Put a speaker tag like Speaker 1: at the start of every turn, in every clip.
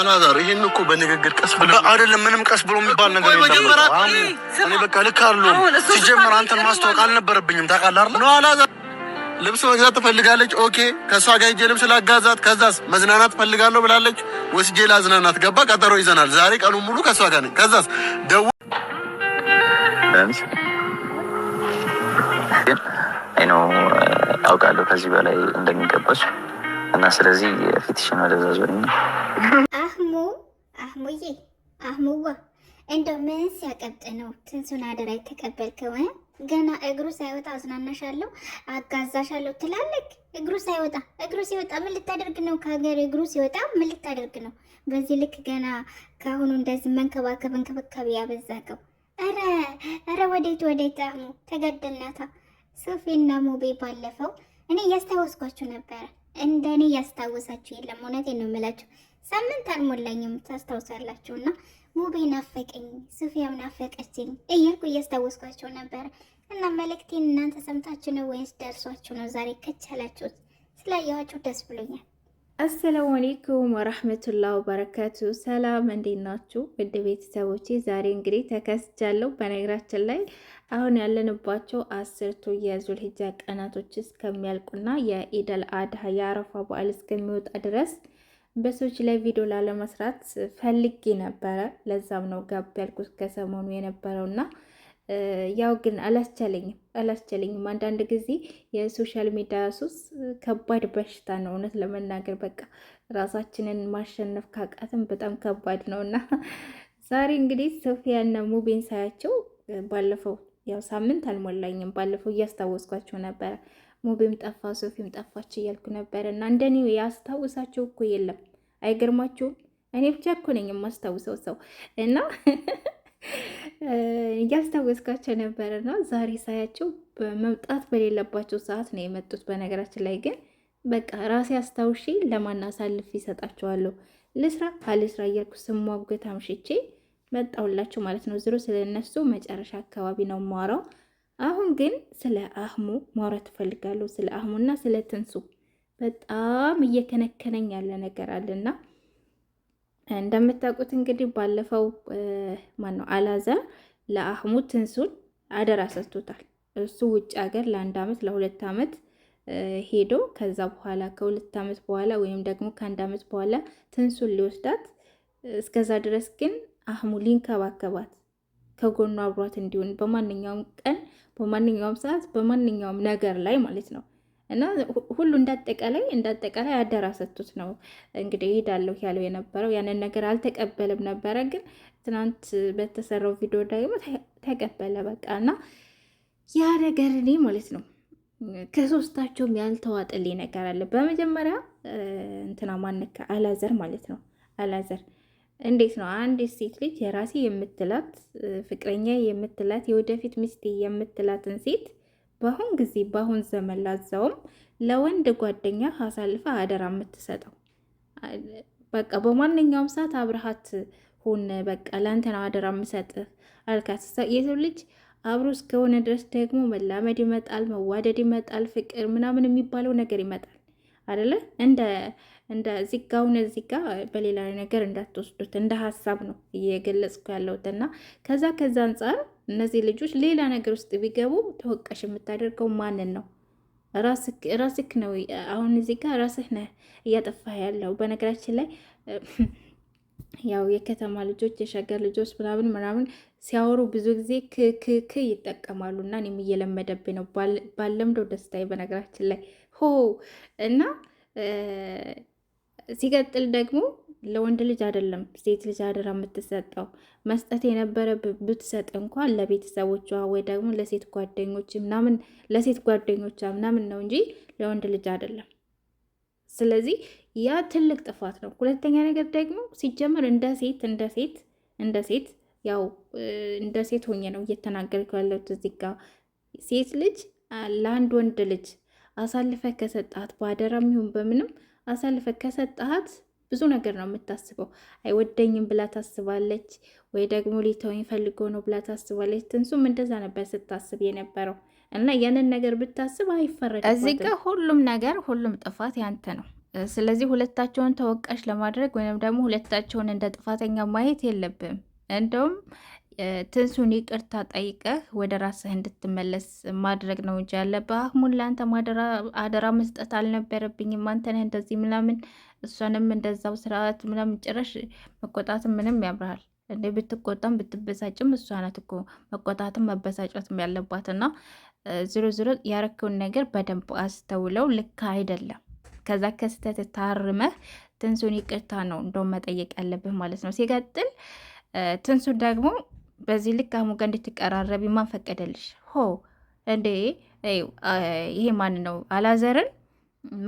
Speaker 1: አናዛር ይሄን እኮ በንግግር ቀስ ብሎ
Speaker 2: አይደለም። ምንም ቀስ ብሎ የሚባል ነገር የለም። እኔ በቃ ልክ አሉ ሲጀመር አንተን ማስተዋወቅ አልነበረብኝም። ታውቃለህ አይደል?
Speaker 1: ነው አናዛር ልብስ መግዛት ትፈልጋለች። ኦኬ፣ ከእሷ ጋር ሂጅ ልብስ ላጋዛት። ከዛስ መዝናናት ፈልጋለሁ ብላለች። ወስጄ ላዝናናት ገባ። ቀጠሮ ይዘናል። ዛሬ ቀኑ ሙሉ ከእሷ ጋር ነኝ። ከዛስ ደው
Speaker 3: ነው አውቃለሁ ከዚህ በላይ እንደሚገባች እና ስለዚህ ፊትሽን ወደዛ ዞርና
Speaker 4: አህሙዬ አህሙዋ እንደው ምን ሲያቀብጥ ነው ትንሱን አደራ የተቀበልከው? ገና እግሩ ሳይወጣ አዝናናሻለሁ፣ አጋዛሻለሁ ትላለክ። እግሩ ሳይወጣ እግሩ ሲወጣ ምን ልታደርግ ነው? ከሀገር እግሩ ሲወጣ ምን ልታደርግ ነው? በዚህ ልክ ገና ከአሁኑ እንደዚህ መንከባከብ እንክብካቤ ያበዛቀው። ኧረ ኧረ፣ ወዴት ወዴት? አህሙ ተገደልናታ። ሶፊና ሙቤ ባለፈው እኔ እያስታወስኳችሁ ነበረ። እንደኔ እያስታወሳችሁ የለም። እውነቴን ነው የምላችሁ ሳምንት አልሞላኝም ታስታውሳላችሁ። እና ውቤ ናፈቀኝ፣ ሱፊያም ናፈቀችኝ እያልኩ እያስታወስኳቸው ነበረ። እና መልእክቴን እናንተ ሰምታችሁ ነው ወይስ ደርሷችሁ ነው ዛሬ ከቻላችሁት? ስላየኋችሁ ደስ ብሎኛል።
Speaker 5: አሰላሙ አሌይኩም ወራህመቱላ ወበረካቱ። ሰላም እንዴት ናችሁ ውድ ቤተሰቦቼ? ዛሬ እንግዲህ ተከስቻለሁ። በነገራችን ላይ አሁን ያለንባቸው አስርቱ የዙል ቀናቶች እስከሚያልቁና የኢደል አድሃ የአረፋ በዓል እስከሚወጣ ድረስ በሰዎች ላይ ቪዲዮ ላለመስራት ፈልጌ ነበረ። ለዛም ነው ጋብ ያልኩት ከሰሞኑ የነበረውና ያው ግን አላስቻለኝም አላስቻለኝም። አንዳንድ ጊዜ የሶሻል ሚዲያ ሱስ ከባድ በሽታ ነው። እውነት ለመናገር በቃ ራሳችንን ማሸነፍ ካቃትም በጣም ከባድ ነው እና ዛሬ እንግዲህ ሶፊያና ሙቤን ሳያቸው ባለፈው ያው ሳምንት አልሞላኝም፣ ባለፈው እያስታወስኳቸው ነበረ ሙቤም ጠፋ፣ ሶፊም ጠፋች እያልኩ ነበር እና እንደኔ ያስታውሳቸው እኮ የለም። አይገርማችሁም? እኔ ብቻ እኮ ነኝ የማስታውሰው ሰው እና እያስታወስካቸው ነበር እና ዛሬ ሳያቸው መምጣት በሌለባቸው ሰዓት ነው የመጡት። በነገራችን ላይ ግን በቃ ራሴ አስታውሼ ለማን አሳልፌ ይሰጣቸዋለሁ ልስራ አልስራ እያልኩ ስሟብገት አምሽቼ መጣሁላችሁ ማለት ነው። ዝሮ ስለነሱ መጨረሻ አካባቢ ነው የማወራው። አሁን ግን ስለ አህሙ ማውራት እፈልጋለሁ። ስለ አህሙና ስለ ትንሱ በጣም እየከነከነኝ ያለ ነገር አለና እንደምታውቁት እንግዲህ ባለፈው ማነው አላዛ ለአህሙ ትንሱን አደራ ሰጥቶታል። እሱ ውጭ ሀገር ለአንድ አመት ለሁለት አመት ሄዶ ከዛ በኋላ ከሁለት አመት በኋላ ወይም ደግሞ ከአንድ አመት በኋላ ትንሱን ሊወስዳት እስከዛ ድረስ ግን አህሙ ሊንከባከባት ከጎኑ አብሯት እንዲሆን በማንኛውም ቀን በማንኛውም ሰዓት በማንኛውም ነገር ላይ ማለት ነው። እና ሁሉ እንዳጠቃላይ እንዳጠቃላይ አደራ ሰጥቶት ነው እንግዲህ እሄዳለሁ ያለው የነበረው ያንን ነገር አልተቀበለም ነበረ፣ ግን ትናንት በተሰራው ቪዲዮ ደግሞ ተቀበለ በቃ። እና ያ ነገር እኔ ማለት ነው ከሶስታቸውም ያልተዋጥልኝ ነገር አለ። በመጀመሪያ እንትና ማነካ አላዘር ማለት ነው አላዘር እንዴት ነው አንድ ሴት ልጅ የራሴ የምትላት ፍቅረኛ የምትላት የወደፊት ሚስቴ የምትላትን ሴት በአሁን ጊዜ በአሁን ዘመን ላዛውም ለወንድ ጓደኛ አሳልፈ አደራ የምትሰጠው በቃ በማንኛውም ሰዓት አብረሃት ሁን፣ በቃ ለአንተ ነው አደራ የምሰጥህ አልካት። የሰው ልጅ አብሮ እስከሆነ ድረስ ደግሞ መላመድ ይመጣል፣ መዋደድ ይመጣል፣ ፍቅር ምናምን የሚባለው ነገር ይመጣል አደለ እንደ እንደ ዚጋ ዚጋ በሌላ ነገር እንዳትወስዱት እንደ ሀሳብ ነው እየገለጽኩ ያለሁት እና ከዛ ከዛ አንጻር እነዚህ ልጆች ሌላ ነገር ውስጥ ቢገቡ ተወቃሽ የምታደርገው ማንን ነው? ራስክ ነው። አሁን እዚህ ጋር ራስህ ነህ እያጠፋህ ያለው። በነገራችን ላይ ያው የከተማ ልጆች የሸገር ልጆች ምናምን ምናምን ሲያወሩ ብዙ ጊዜ ክክክ ይጠቀማሉ እና እኔም እየለመደብኝ ነው ባለምደው ደስታዬ በነገራችን ላይ ሆ እና ሲቀጥል ደግሞ ለወንድ ልጅ አይደለም ሴት ልጅ አደራ የምትሰጠው። መስጠት የነበረ ብትሰጥ እንኳን ለቤተሰቦቿ ወይ ደግሞ ለሴት ጓደኞች ምናምን ለሴት ጓደኞቿ ምናምን ነው እንጂ ለወንድ ልጅ አይደለም። ስለዚህ ያ ትልቅ ጥፋት ነው። ሁለተኛ ነገር ደግሞ ሲጀመር እንደ ሴት እንደ ሴት እንደ ሴት ያው እንደ ሴት ሆኜ ነው እየተናገርኩ ያለሁት እዚህ ጋ ሴት ልጅ ለአንድ ወንድ ልጅ አሳልፈ ከሰጣት በአደራም ይሁን በምንም አሳልፈ ከሰጠሃት ብዙ ነገር ነው የምታስበው። አይወደኝም ብላ ታስባለች፣ ወይ ደግሞ ሊተወኝ ፈልጎ ነው ብላ ታስባለች። ትንሱም እንደዛ ነበር ስታስብ የነበረው እና ያንን ነገር ብታስብ አይፈረድ። እዚህ ጋር ሁሉም ነገር ሁሉም ጥፋት ያንተ ነው። ስለዚህ ሁለታቸውን ተወቃሽ ለማድረግ ወይም ደግሞ ሁለታቸውን እንደ ጥፋተኛ ማየት የለብም እንደውም ትንሱን ይቅርታ ጠይቀህ ወደ ራስህ እንድትመለስ ማድረግ ነው እንጂ ያለብህ። አህሙን ለአንተ አደራ መስጠት አልነበረብኝም። አንተን እንደዚህ ምናምን እሷንም እንደዛው ስርዓት ምናምን ጭረሽ መቆጣትም ምንም ያምርሃል እንዴ? ብትቆጣም ብትበሳጭም እሷ ናት እኮ መቆጣትም መበሳጨትም ያለባት እና ዝሮ ዝሮ ያረከውን ነገር በደንብ አስተውለው። ልክ አይደለም። ከዛ ከስተት ታርመህ ትንሱን ይቅርታ ነው እንደውም መጠየቅ ያለብህ ማለት ነው። ሲቀጥል ትንሱ ደግሞ በዚህ ልክ አህሙ ጋር እንድትቀራረቢ ማን ፈቀደልሽ? ሆ እንዴ ይሄ ማን ነው? አላዘርን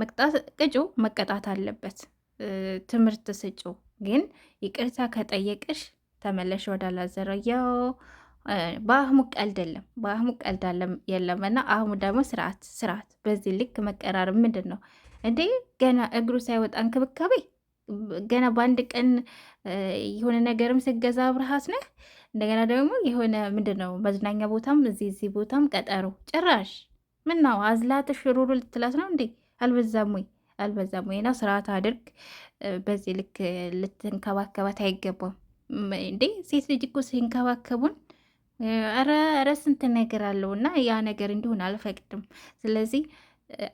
Speaker 5: መቅጣት ቅጩ መቀጣት አለበት። ትምህርት ስጩ። ግን ይቅርታ ከጠየቅሽ ተመለሽ ወደ አላዘረ። ያው በአህሙ ቀልድ የለም፣ በአህሙ ቀልድ የለም። እና አህሙ ደግሞ ስርዓት ስርዓት። በዚህ ልክ መቀራረብ ምንድን ነው እንዴ? ገና እግሩ ሳይወጣ እንክብካቤ ገና በአንድ ቀን የሆነ ነገርም ስገዛ ብርሃት ነህ እንደገና ደግሞ የሆነ ምንድን ነው መዝናኛ ቦታም እዚህ እዚህ ቦታም ቀጠሮ ጭራሽ ምን ነው አዝላትሽ ሩሩ ልትላት ነው እንዴ? አልበዛም ወይ አልበዛም ወይ? ና ስርዓት አድርግ። በዚህ ልክ ልትንከባከባት አይገባም እንዴ? ሴት ልጅ እኮ ሲንከባከቡን ኧረ ስንት ነገር አለው እና ያ ነገር እንዲሆን አልፈቅድም። ስለዚህ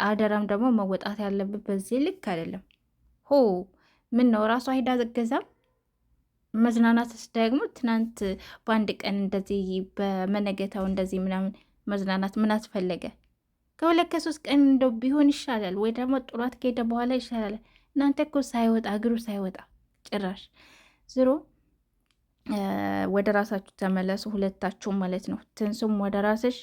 Speaker 5: አደራም ደግሞ መወጣት ያለብን በዚህ ልክ አይደለም። ሆ ምን ነው ራሷ ሄዳ ዘገዛም መዝናናትስ ደግሞ ትናንት በአንድ ቀን እንደዚህ በመነገታው እንደዚህ ምናምን መዝናናት ምን አስፈለገ? ከሁለት ከሶስት ቀን እንደው ቢሆን ይሻላል፣ ወይ ደግሞ ጥሏት ከሄደ በኋላ ይሻላል። እናንተ እኮ ሳይወጣ እግሩ ሳይወጣ ጭራሽ ዝሮ ወደ ራሳችሁ ተመለሱ፣ ሁለታችሁ ማለት ነው። ትንሱም ወደ ራስሽ፣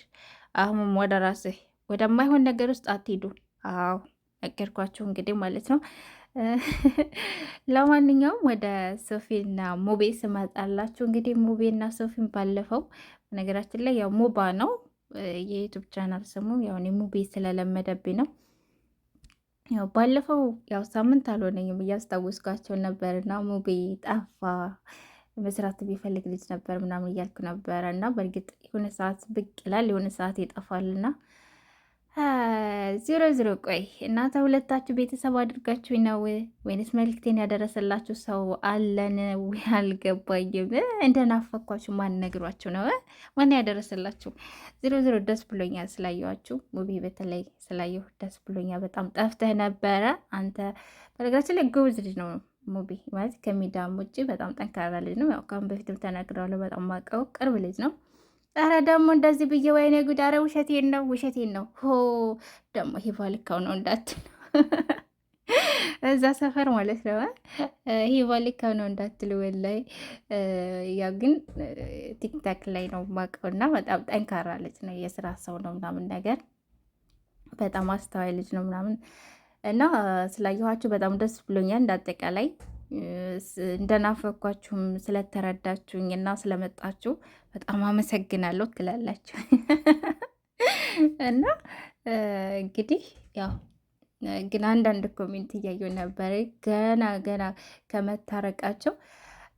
Speaker 5: አህሙም ወደ ራስህ። ወደማይሆን ነገር ውስጥ አትሄዱ አዎ ነገርኳችሁ እንግዲህ ማለት ነው። ለማንኛውም ወደ ሶፊና ሙቤ ስመጣላችሁ እንግዲህ ሙቤና ሶፊን ባለፈው ነገራችን ላይ ያው ሙባ ነው የዩቱብ ቻናል ስሙ ያው ሙቤ ስለለመደብኝ ነው። ያው ባለፈው ያው ሳምንት አልሆነኝም እያስታወስኳቸው ነበር እና ሙቤ ጠፋ መስራት ቢፈልግ ልጅ ነበር ምናምን እያልኩ ነበረ እና በእርግጥ የሆነ ሰዓት ብቅ ይላል፣ የሆነ ሰዓት ይጠፋልና ዜሮ ዜሮ ቆይ እናንተ ሁለታችሁ ቤተሰብ አድርጋችሁ ነው ወይንስ መልክቴን ያደረሰላችሁ ሰው አለን? አልገባኝም። እንደናፈኳችሁ ማን ነግሯችሁ ነው? ማን ያደረሰላችሁ? ዜሮ ዜሮ ደስ ብሎኛል ስላየኋችሁ፣ ሙቢ በተለይ ስላየሁ ደስ ብሎኛል። በጣም ጠፍተህ ነበረ አንተ። በነገራችን ላይ ጎበዝ ልጅ ነው ሙቢ ማለት ከሚዳም ውጭ በጣም ጠንካራ ልጅ ነው። ያው ከአሁን በፊትም ተናግረዋለሁ። በጣም ማቀው ቅርብ ልጅ ነው ኧረ ደግሞ እንደዚህ ብዬ ወይኔ ጉድ! ኧረ ውሸቴን ነው ውሸቴን ነው። ሆ ደግሞ ሂባ ልካው ነው እንዳትል እዛ ሰፈር ማለት ነው። ሂባ ልካው ነው እንዳትል ወላይ። ያው ግን ቲክታክ ላይ ነው የማውቀው እና በጣም ጠንካራ ልጅ ነው፣ የስራ ሰው ነው ምናምን ነገር በጣም አስተዋይ ልጅ ነው ምናምን እና ስላየኋችሁ በጣም ደስ ብሎኛል እንዳጠቃላይ እንደናፈኳችሁም ስለተረዳችሁኝ እና ስለመጣችሁ በጣም አመሰግናለሁ ትላላችሁ እና እንግዲህ ያው ግን አንዳንድ ኮሜንት እያየሁ ነበር። ገና ገና ከመታረቃቸው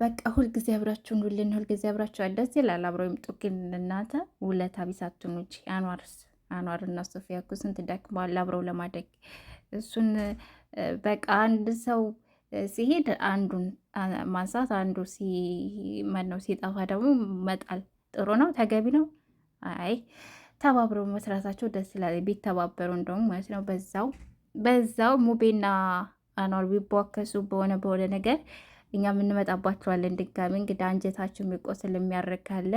Speaker 5: በቃ ሁልጊዜ አብራችሁን ሁልን ሁልጊዜ አብራችሁን ደስ ይላል። አብረው ይምጡ። ግን እናንተ ውለታ ቢሳቱን ውጭ አንዋርስ አንዋር እና ሶፊያ እኮ ስንት ደክመዋል አብረው ለማደግ እሱን በቃ አንድ ሰው ሲሄድ አንዱን ማንሳት አንዱ ሲመነው ሲጠፋ ደግሞ መጣል ጥሩ ነው ተገቢ ነው። አይ ተባብሮ መስራታቸው ደስ ይላል። ቢተባበሩ እንደውም ማለት ነው። በዛው በዛው ሙቤና አኗር ቢቧከሱ በሆነ በሆነ ነገር እኛ የምንመጣባቸዋለን ድጋሚ። እንግዲህ አንጀታችሁ የሚቆስል የሚያደርግ ካለ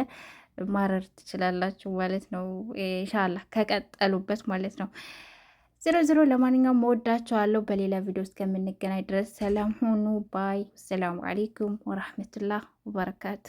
Speaker 5: ማረር ትችላላችሁ ማለት ነው። ኢንሻላህ ከቀጠሉበት ማለት ነው። ዝሮ ዝሮ ለማንኛውም መወዳቸዋለሁ። በሌላ ቪዲዮ እስከምንገናኝ ድረስ ሰላም ሁኑ ባይ። ሰላሙ አሌይኩም ወራህመቱላህ ወበረካቱ